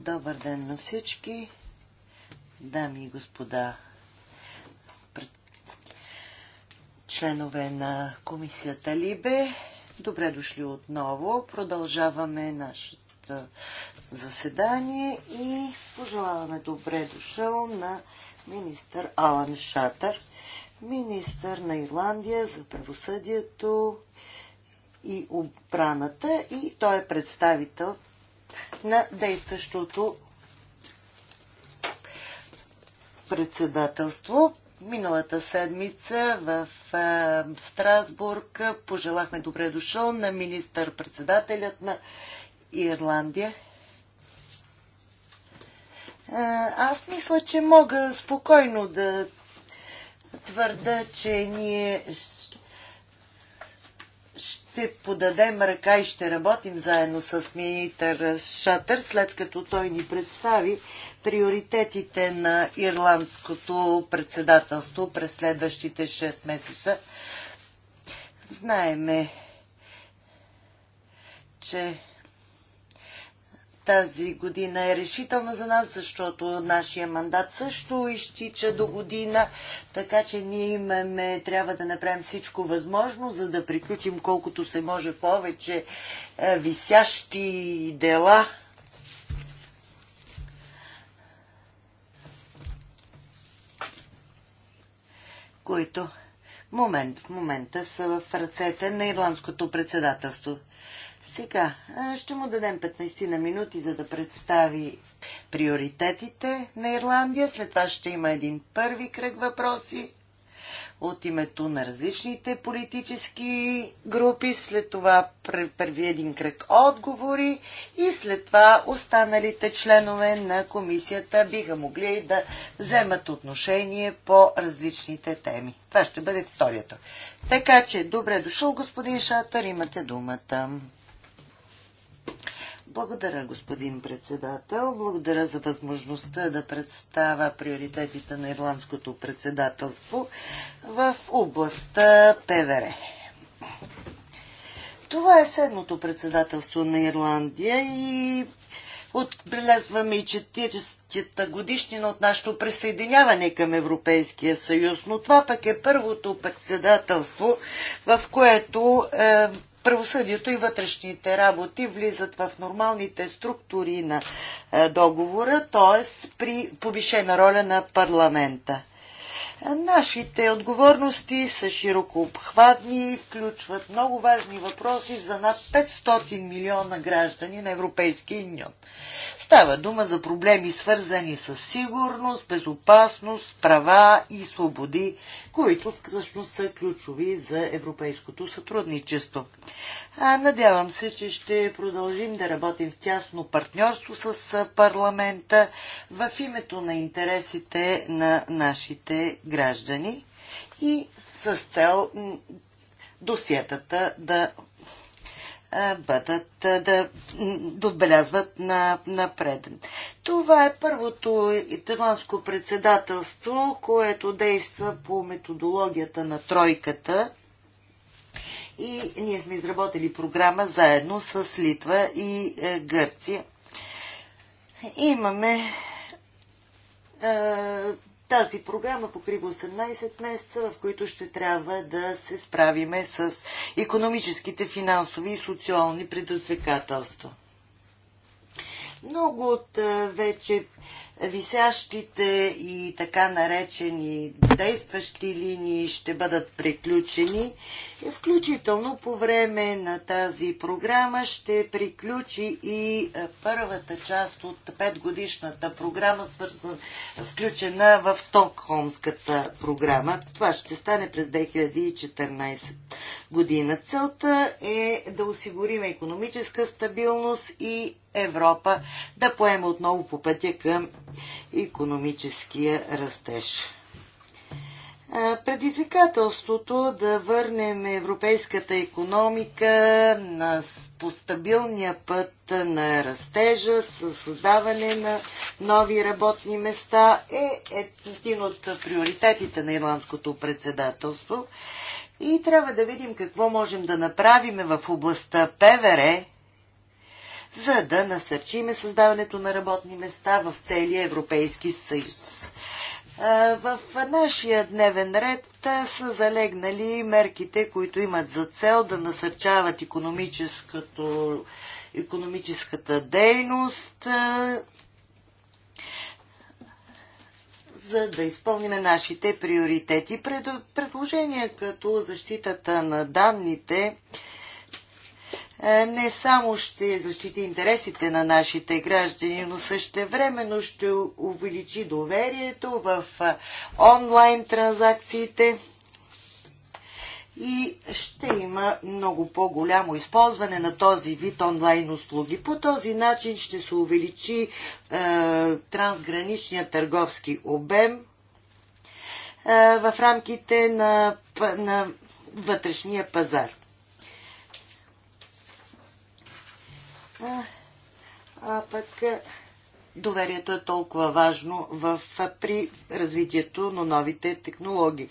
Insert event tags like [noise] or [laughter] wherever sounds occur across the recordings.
Добър ден на всички, дами и господа, членове на комисията Либе. Добре дошли отново. Продължаваме нашето заседание и пожелаваме добре дошъл на министър Алан Шатър, министър на Ирландия за правосъдието и обраната, и той е представител на действащото председателство. Миналата седмица в Страсбург пожелахме добре дошъл на министър-председателят на Ирландия. Аз мисля, че мога спокойно да твърда, че ние ще подадем ръка и ще работим заедно с министър Шатър, след като той ни представи приоритетите на ирландското председателство през следващите 6 месеца. Знаеме, че тази година е решителна за нас, защото нашия мандат също изтича до година, така че ние имаме, трябва да направим всичко възможно, за да приключим колкото се може повече е, висящи дела. които в момент, в момента са в ръцете на ирландското председателство. Сега ще му дадем 15 на минути, за да представи приоритетите на Ирландия. След това ще има един първи кръг въпроси от името на различните политически групи, след това първи един кръг отговори и след това останалите членове на комисията биха могли да вземат отношение по различните теми. Това ще бъде вторият. Така че, добре дошъл, господин Шатър, имате думата. Благодаря, господин председател. Благодаря за възможността да представя приоритетите на ирландското председателство в областта ПВР. Това е седмото председателство на Ирландия и отбелязваме и 40-та годишнина от нашето присъединяване към Европейския съюз, но това пък е първото председателство, в което е, правосъдието и вътрешните работи влизат в нормалните структури на е, договора, т.е. при повишена роля на парламента. Нашите отговорности са широко обхватни, и включват много важни въпроси за над 500 милиона граждани на Европейския юнион. Става дума за проблеми свързани с сигурност, безопасност, права и свободи, които всъщност са ключови за европейското сътрудничество. А, надявам се, че ще продължим да работим в тясно партньорство с парламента в името на интересите на нашите граждани и с цел досиетата да бъдат, да, да отбелязват на, напред. Това е първото италянско председателство, което действа по методологията на тройката и ние сме изработили програма заедно с Литва и е, Гърция. Имаме е, тази програма покрива 18 месеца, в които ще трябва да се справиме с економическите, финансови и социални предизвикателства. Много от вече висящите и така наречени действащи линии ще бъдат приключени. Включително по време на тази програма ще приключи и е, първата част от петгодишната програма, свързан, включена в Стокхолмската програма. Това ще стане през 2014 година. Целта е да осигурим економическа стабилност и Европа да поеме отново по пътя към економическия растеж. Предизвикателството да върнем европейската економика на, по стабилния път на растежа, със създаване на нови работни места е, е един от приоритетите на ирландското председателство. И трябва да видим какво можем да направим в областта ПВР, за да насърчиме създаването на работни места в целия Европейски съюз. В нашия дневен ред са залегнали мерките, които имат за цел да насърчават економическото, економическата дейност, за да изпълниме нашите приоритети. предложения като защитата на данните е, не само ще защити интересите на нашите граждани, но също времено ще увеличи доверието в е, онлайн транзакциите и ще има много по-голямо използване на този вид онлайн услуги. По този начин ще се увеличи е, трансграничният търговски обем е, в рамките на, на вътрешния пазар. А, пък е, доверието е толкова важно в, при развитието на новите технологии.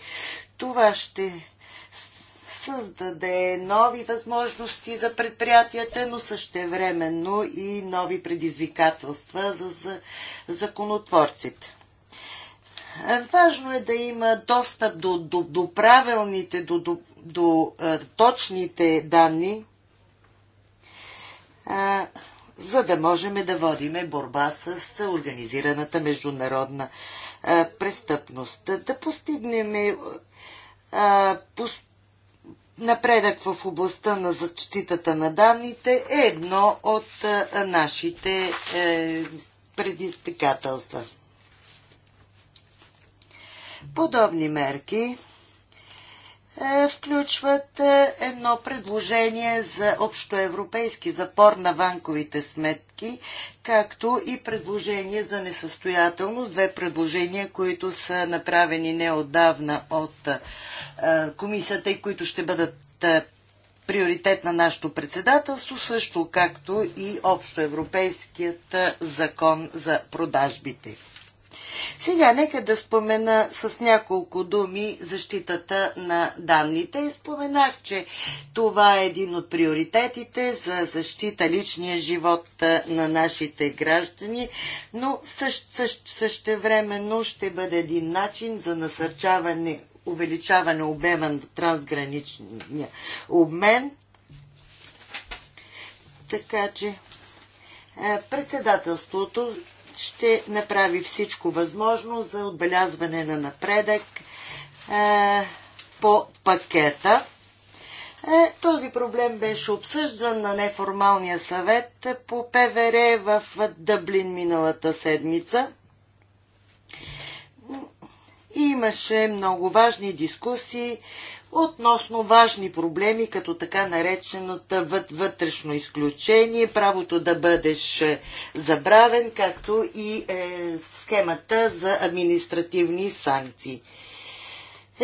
Това ще създаде нови възможности за предприятията, но същевременно и нови предизвикателства за, за законотворците. Е, важно е да има достъп до, до, до правилните, до, до, до е, точните данни, за да можем да водиме борба с организираната международна престъпност. Да постигнем напредък в областта на защитата на данните е едно от нашите е, предизвикателства. Подобни мерки е, включват е, едно предложение за общоевропейски запор на банковите сметки, както и предложение за несъстоятелност. Две предложения, които са направени неодавна от е, комисията и които ще бъдат приоритет на нашето председателство, също както и общоевропейският закон за продажбите. Сега нека да спомена с няколко думи защитата на данните. Споменах, че това е един от приоритетите за защита личния живот на нашите граждани, но също, също, същевременно ще бъде един начин за насърчаване увеличаване обема на трансграничния обмен. Така че председателството ще направи всичко възможно за отбелязване на напредък е, по пакета. Е, този проблем беше обсъждан на неформалния съвет по ПВР в Дъблин миналата седмица имаше много важни дискусии относно важни проблеми, като така нареченото вътрешно изключение, правото да бъдеш забравен, както и е, схемата за административни санкции.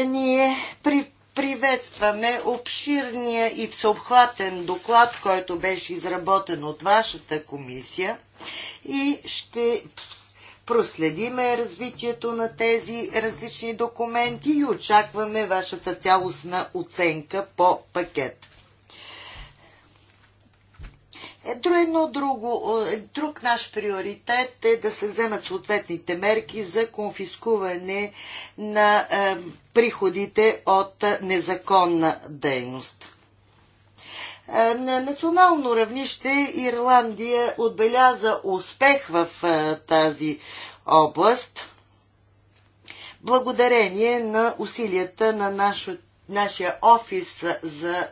Ние при, приветстваме обширния и всеобхватен доклад, който беше изработен от вашата комисия и ще проследиме развитието на тези различни документи и очакваме вашата цялостна оценка по пакет. Е, едно друго, е, друг наш приоритет е да се вземат съответните мерки за конфискуване на е, приходите от е, незаконна дейност. Е, на национално равнище Ирландия отбеляза успех в е, тази област, благодарение на усилията на нашото нашия офис за е,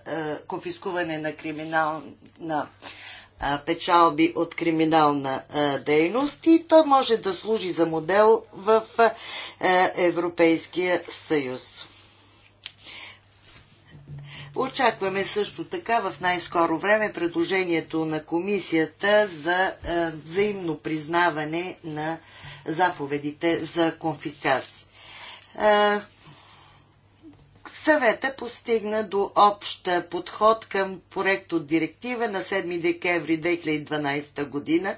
конфискуване на криминална печалби от криминална дейност и то може да служи за модел в Европейския съюз. Очакваме също така в най-скоро време предложението на комисията за е, взаимно признаване на заповедите за конфискации. Е, съвета постигна до общ подход към проект от директива на 7 декември 2012 година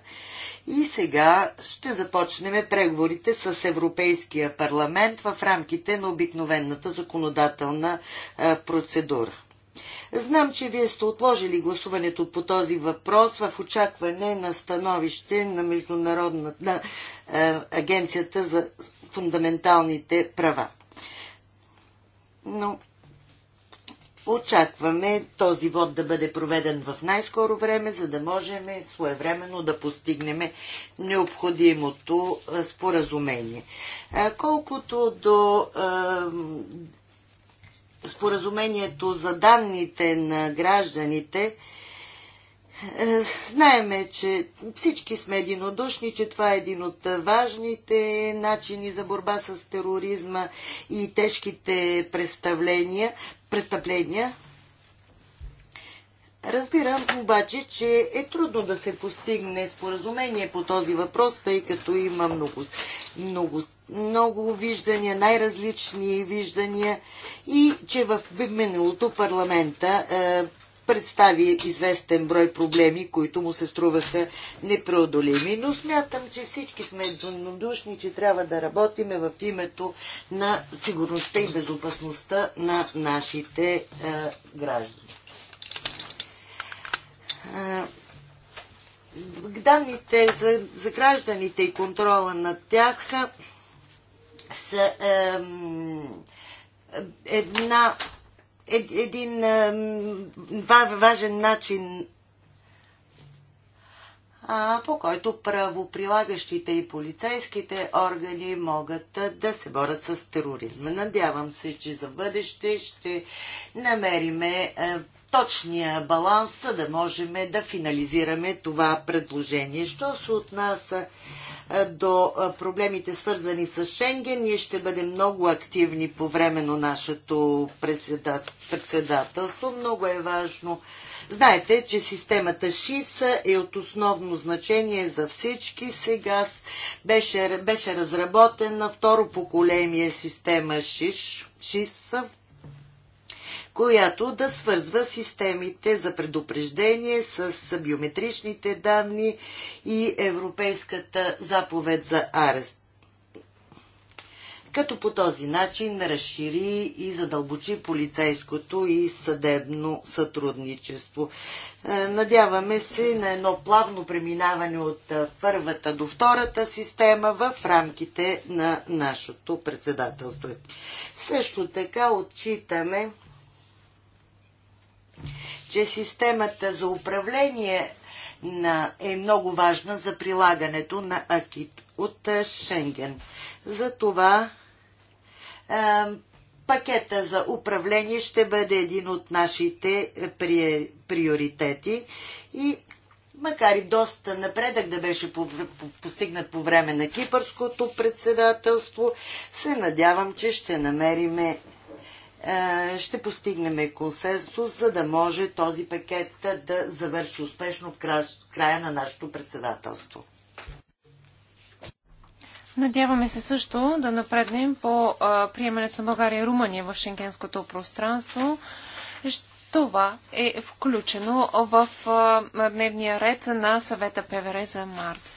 и сега ще започнем преговорите с Европейския парламент в рамките на обикновената законодателна е, процедура. Знам, че вие сте отложили гласуването по този въпрос в очакване на становище на Международната на, е, агенцията за фундаменталните права. Но очакваме този вод да бъде проведен в най-скоро време, за да можем своевременно да постигнем необходимото е, споразумение. Е, колкото до е, споразумението за данните на гражданите, е, знаеме, че всички сме единодушни, че това е един от важните начини за борба с тероризма и тежките престъпления. Разбирам обаче, че е трудно да се постигне споразумение по този въпрос, тъй като има много, много, много виждания, най-различни виждания и че в миналото парламента е, представи известен брой проблеми, които му се струваха непреодолими. Но смятам, че всички сме еднодушни, че трябва да работиме в името на сигурността и безопасността на нашите е, граждани данните за, за гражданите и контрола на тях са е, една, ед, един е, важен начин по който правоприлагащите и полицейските органи могат да се борят с тероризма. Надявам се, че за бъдеще ще намериме точния баланс, за да можем да финализираме това предложение. Що се отнася до проблемите свързани с Шенген, ние ще бъдем много активни по време на нашето председателство. Много е важно Знаете, че системата ШИС е от основно значение за всички. Сега беше, беше разработена второ поколение система ШИШ, ШИС, която да свързва системите за предупреждение с биометричните данни и Европейската заповед за арест като по този начин разшири и задълбочи полицейското и съдебно сътрудничество. Е, надяваме се на едно плавно преминаване от е, първата до втората система в рамките на нашето председателство. Също така отчитаме, че системата за управление на, е много важна за прилагането на Акит от е, Шенген. За това е, пакета за управление ще бъде един от нашите е, приоритети и макар и доста напредък да беше постигнат по време на кипърското председателство, се надявам, че ще намериме е, ще постигнем консенсус, за да може този пакет да завърши успешно в края на нашето председателство. Надяваме се също да напреднем по приемането на България и Румъния в шенгенското пространство. Това е включено в дневния ред на съвета ПВР за март.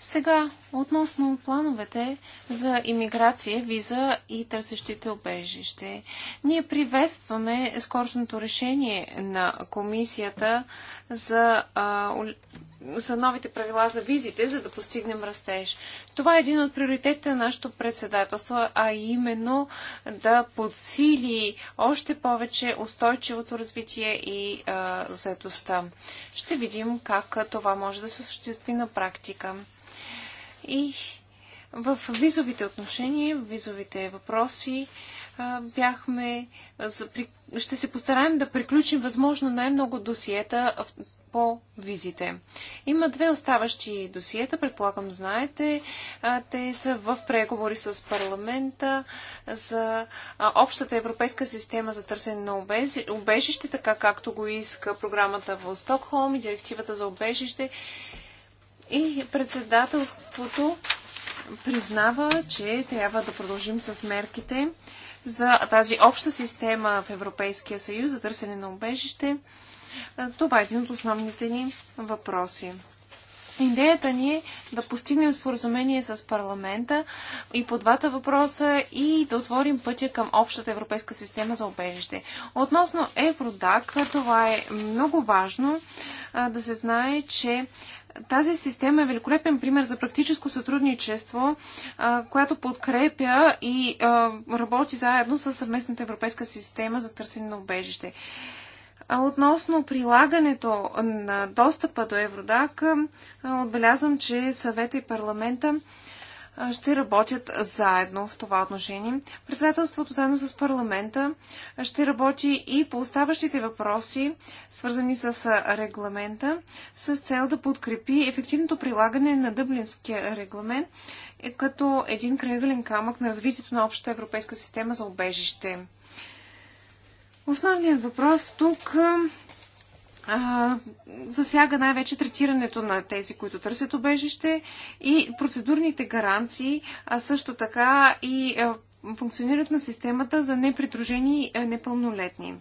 Сега, относно плановете за иммиграция, виза и търсещите обежище. Ние приветстваме скоростното решение на комисията за а, за новите правила за визите, за да постигнем растеж. Това е един от приоритетите на нашето председателство, а именно да подсили още повече устойчивото развитие и а, заедостта. Ще видим как това може да се осъществи на практика. И в визовите отношения, в визовите въпроси, бяхме, ще се постараем да приключим възможно най-много досиета по визите. Има две оставащи досиета, предполагам знаете. Те са в преговори с парламента за общата европейска система за търсене на обежище, така както го иска програмата в Стокхолм и директивата за обежище. И председателството признава, че трябва да продължим с мерките за тази обща система в Европейския съюз за търсене на обежище е, това е един от основните ни въпроси. Идеята ни е да постигнем споразумение с парламента и по двата въпроса и да отворим пътя към общата европейска система за обежище. Относно Евродак, това е много важно да се знае, че тази система е великолепен пример за практическо сътрудничество, която подкрепя и работи заедно с съвместната европейска система за търсене на обежище. А относно прилагането на достъпа до Евродак, отбелязвам, че съвета и парламента ще работят заедно в това отношение. Председателството заедно с парламента ще работи и по оставащите въпроси, свързани с регламента, с цел да подкрепи ефективното прилагане на Дъблинския регламент е, като един кръгълен камък на развитието на общата европейска система за обежище. Основният въпрос тук а, засяга най-вече третирането на тези, които търсят обежище и процедурните гаранции, а също така и а, функционират на системата за непридружени непълнолетни.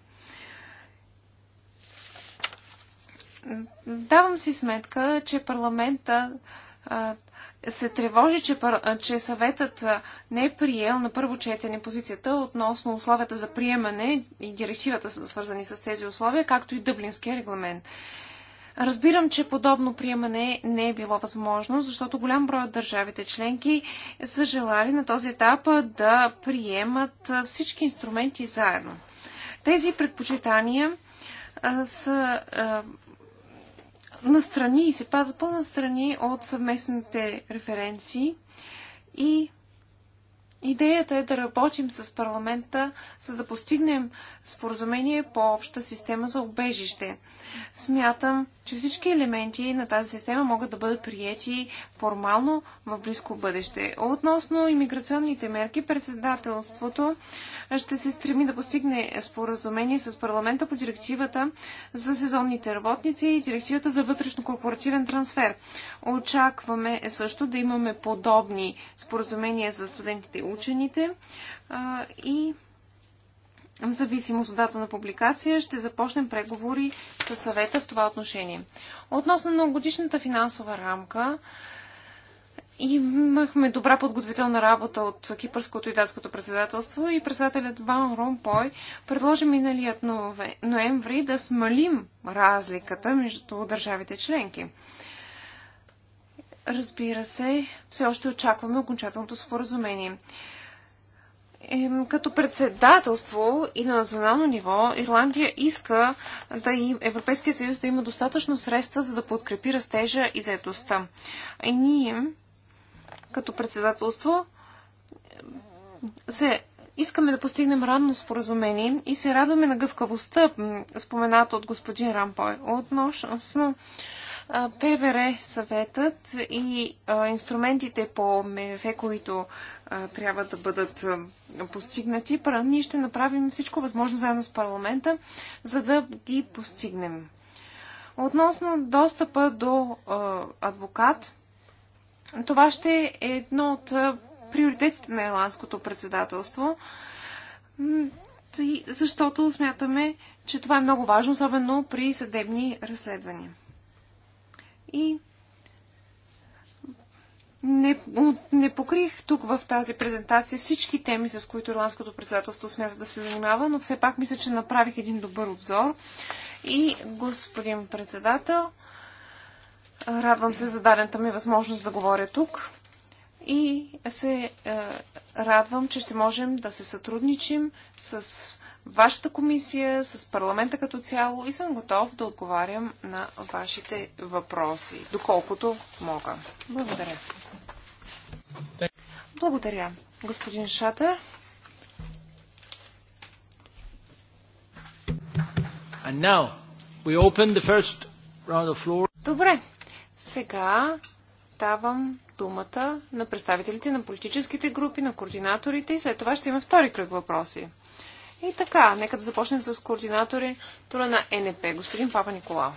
Давам си сметка, че парламента а, се тревожи, че, че съветът не е приел на първо четене позицията относно условията за приемане и директивата, свързани с тези условия, както и Дъблинския регламент. Разбирам, че подобно приемане не е било възможно, защото голям брой от държавите членки са желали на този етап да приемат всички инструменти заедно. Тези предпочитания са настрани и се падат по-настрани от съвместните референции. И идеята е да работим с парламента, за да постигнем споразумение по обща система за обежище. Смятам, че всички елементи на тази система могат да бъдат приети формално в близко бъдеще. Относно иммиграционните мерки, председателството ще се стреми да постигне споразумение с парламента по директивата за сезонните работници и директивата за вътрешно-корпоративен трансфер. Очакваме също да имаме подобни споразумения за студентите и учените и в зависимост от дата на публикация, ще започнем преговори с съвета в това отношение. Относно многогодишната финансова рамка, имахме добра подготвителна работа от кипърското и датското председателство и председателят Ван Ромпой предложи миналият ноември да смалим разликата между държавите членки. Разбира се, все още очакваме окончателното споразумение като председателство и на национално ниво Ирландия иска да и Европейския съюз да има достатъчно средства, за да подкрепи растежа и заедостта. И ние, като председателство, се искаме да постигнем ранно споразумение и се радваме на гъвкавостта, спомената от господин Рампой, относно ПВР съветът и инструментите по МВФ, които трябва да бъдат постигнати, ние ще направим всичко възможно заедно с парламента, за да ги постигнем. Относно достъпа до адвокат, това ще е едно от приоритетите на Еландското председателство, защото смятаме, че това е много важно, особено при съдебни разследвания и не, не покрих тук в тази презентация всички теми, с които Ирландското председателство смята да се занимава, но все пак мисля, че направих един добър обзор. И, господин председател, радвам се за дадената ми възможност да говоря тук. И се е, радвам, че ще можем да се сътрудничим с вашата комисия, с парламента като цяло и съм готов да отговарям на вашите въпроси, доколкото мога. Благодаря. Благодаря, господин Шатър. And now we open the first round of floor. Добре. Сега давам думата на представителите на политическите групи, на координаторите и след това ще има втори кръг въпроси. И така, нека да започнем с координатори тура на НП. Господин Папа Николао.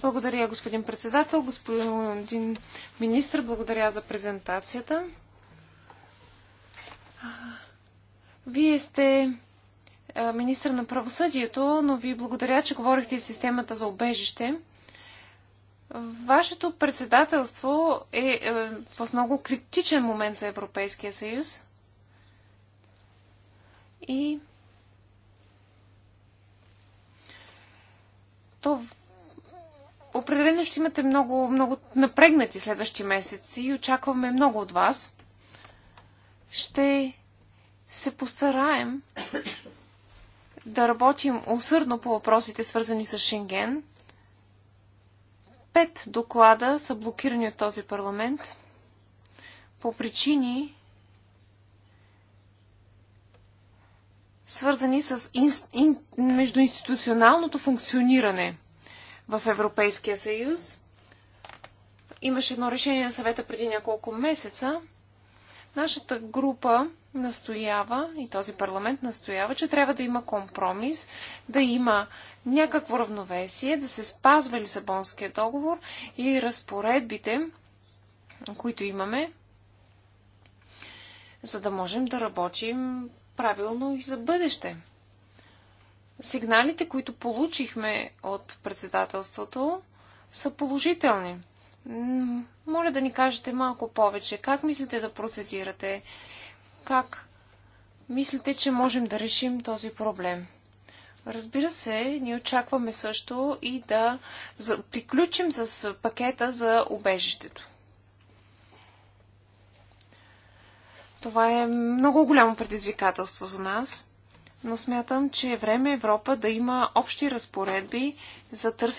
Благодаря, господин председател, господин министр, благодаря за презентацията. Вие сте е, министр на правосъдието, но ви благодаря, че говорихте с системата за обежище. Вашето председателство е, е в много критичен момент за Европейския съюз. И то определено ще имате много, много напрегнати следващи месеци и очакваме много от вас. Ще се постараем [coughs] да работим усърдно по въпросите, свързани с Шенген – Пет доклада са блокирани от този парламент по причини, свързани с ин, ин... междуинституционалното функциониране в Европейския съюз. Имаше едно решение на съвета преди няколко месеца. Нашата група настоява и този парламент настоява, че трябва да има компромис, да има някакво равновесие, да се спазва Лисабонския договор и разпоредбите, които имаме, за да можем да работим правилно и за бъдеще. Сигналите, които получихме от председателството, са положителни. Моля да ни кажете малко повече. Как мислите да процедирате? Как мислите, че можем да решим този проблем? Разбира се, ние очакваме също и да приключим с пакета за убежището. Това е много голямо предизвикателство за нас, но смятам, че е време Европа да има общи разпоредби за търсене